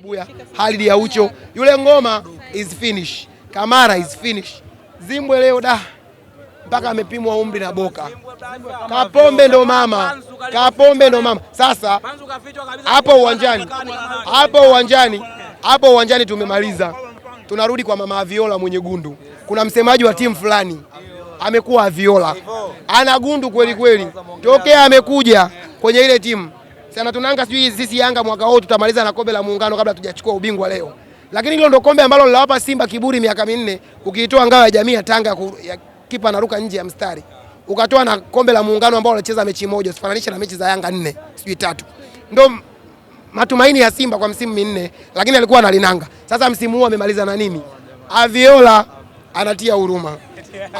Buya, ya ucho yule ngoma is finish. Kamara is finish. Zimbwe leo da mpaka amepimwa umri na Boka. Kapombe ndo mama, Kapombe ndo mama. Sasa hapo uwanjani, hapo uwanjani, hapo uwanjani tumemaliza, tunarudi kwa mama Aviola mwenye gundu. Kuna msemaji wa timu fulani amekuwa Aviola ana gundu kweli kweli, tokea amekuja kwenye ile timu sana tunanga sijui sisi Yanga mwaka huu tutamaliza na kombe la muungano kabla tujachukua ubingwa leo. Lakini hilo ndo kombe ambalo lilawapa Simba kiburi miaka minne, ukiitoa ngao ya jamii ya Tanga ya kipa anaruka nje ya mstari. Ukatoa na kombe la muungano ambao walicheza mechi moja, usifananishe na mechi za Yanga nne, sijui tatu. ndo matumaini ya Simba kwa msimu minne, lakini alikuwa analinanga. Sasa msimu huu amemaliza na nini? Aviola anatia huruma.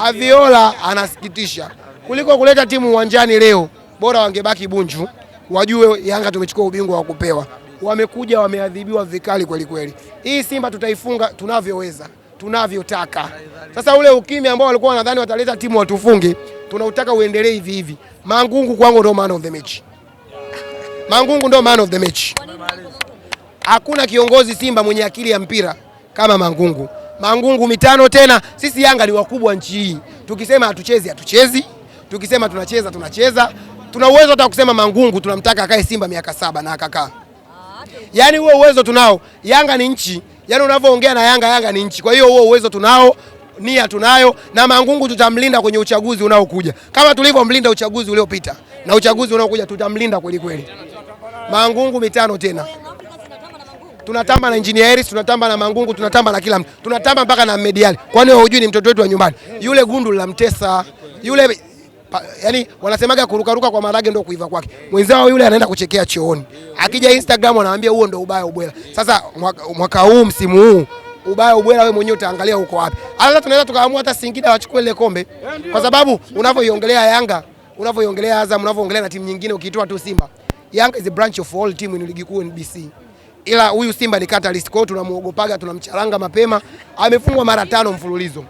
Aviola anasikitisha. Kuliko kuleta timu uwanjani leo, bora wangebaki Bunju wajue Yanga tumechukua ubingwa wa kupewa. Wamekuja wameadhibiwa vikali kweli kweli. Hii Simba tutaifunga tunavyoweza, tunavyotaka. Sasa ule ukimya ambao walikuwa wanadhani wataleta timu watufunge, tunautaka uendelee hivi hivi. Mangungu kwangu ndio man of the match. Mangungu ndio man of the match. Hakuna kiongozi Simba mwenye akili ya mpira kama Mangungu. Mangungu mitano tena. Sisi Yanga ni wakubwa nchi hii, tukisema hatuchezi hatuchezi, tukisema tunacheza tunacheza. Tuna uwezo hata kusema Mangungu tunamtaka akae Simba miaka saba na akakaa. Yaani huo uwezo tunao. Yanga ni nchi. Yaani unavyoongea na Yanga, Yanga ni nchi. Kwa hiyo huo uwezo tunao, nia tunayo na Mangungu tutamlinda kwenye uchaguzi unaokuja kama tulivyomlinda uchaguzi uliopita, na uchaguzi unaokuja tutamlinda kweli kweli. Mangungu mitano tena tunatamba na Engineer Harris, tunatamba na Mangungu, tunatamba na kila mtu, tunatamba mpaka na Mediali. Kwani hujui ni mtoto wetu wa nyumbani yule? Gundu la mtesa. yule pa, yani wanasemaga kurukaruka kwa marage ndio kuiva kwake. Mwenzao yule anaenda kuchekea chooni, akija Instagram anaambia huo ndio ubaya ubwela. Sasa mwaka, huu msimu huu ubaya ubwela, wewe mwenyewe utaangalia huko wapi. Hata tunaweza tukaamua hata Singida wachukue ile kombe, kwa sababu unavyoiongelea Yanga, unavyoiongelea Azam, unavyoongelea na timu nyingine, ukitoa tu Simba, Yanga is a branch of all team in ligi kuu NBC ila huyu Simba ni catalyst. kwao, tunamuogopaga, tunamcharanga mapema. Amefungwa mara tano mfululizo.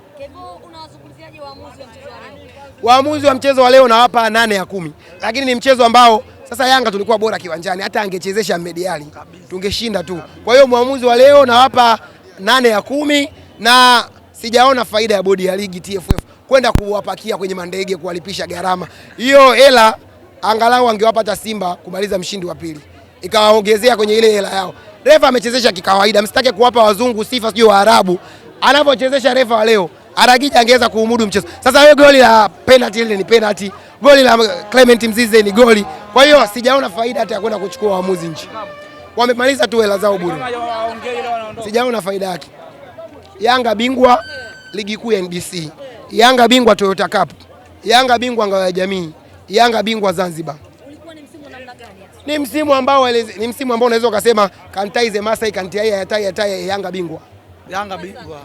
Waamuzi wa mchezo wa leo nawapa nane ya kumi, lakini ni mchezo ambao sasa Yanga tulikuwa bora kiwanjani, hata angechezesha mediali tungeshinda tu. Kwa hiyo mwamuzi wa leo nawapa nane ya kumi na sijaona faida ya bodi ya ligi TFF kwenda kuwapakia kwenye mandege kuwalipisha gharama hiyo. Hela angalau angewapa Simba kumaliza mshindi wa pili, ikawaongezea kwenye ile hela yao. Refa amechezesha kikawaida, msitake kuwapa wazungu sifa, sio Waarabu anavyochezesha refa wa leo. Aragija angeweza kuumudu mchezo. Sasa wewe, goli la penalty ile ni penalty, goli la Clement Mzize ni goli. Kwa hiyo sijaona faida hata ya kwenda kuchukua waamuzi nje, wamemaliza tu hela zao bure, sijaona faida yake. Yanga bingwa ligi kuu ya NBC, Yanga bingwa Toyota Cup, Yanga bingwa ngao ya jamii, Yanga bingwa Zanzibar. Ni msimu ambao ni msimu ambao unaweza ukasema kantaize Masai kantiai yatai yatai Yanga bingwa, Yanga bingwa.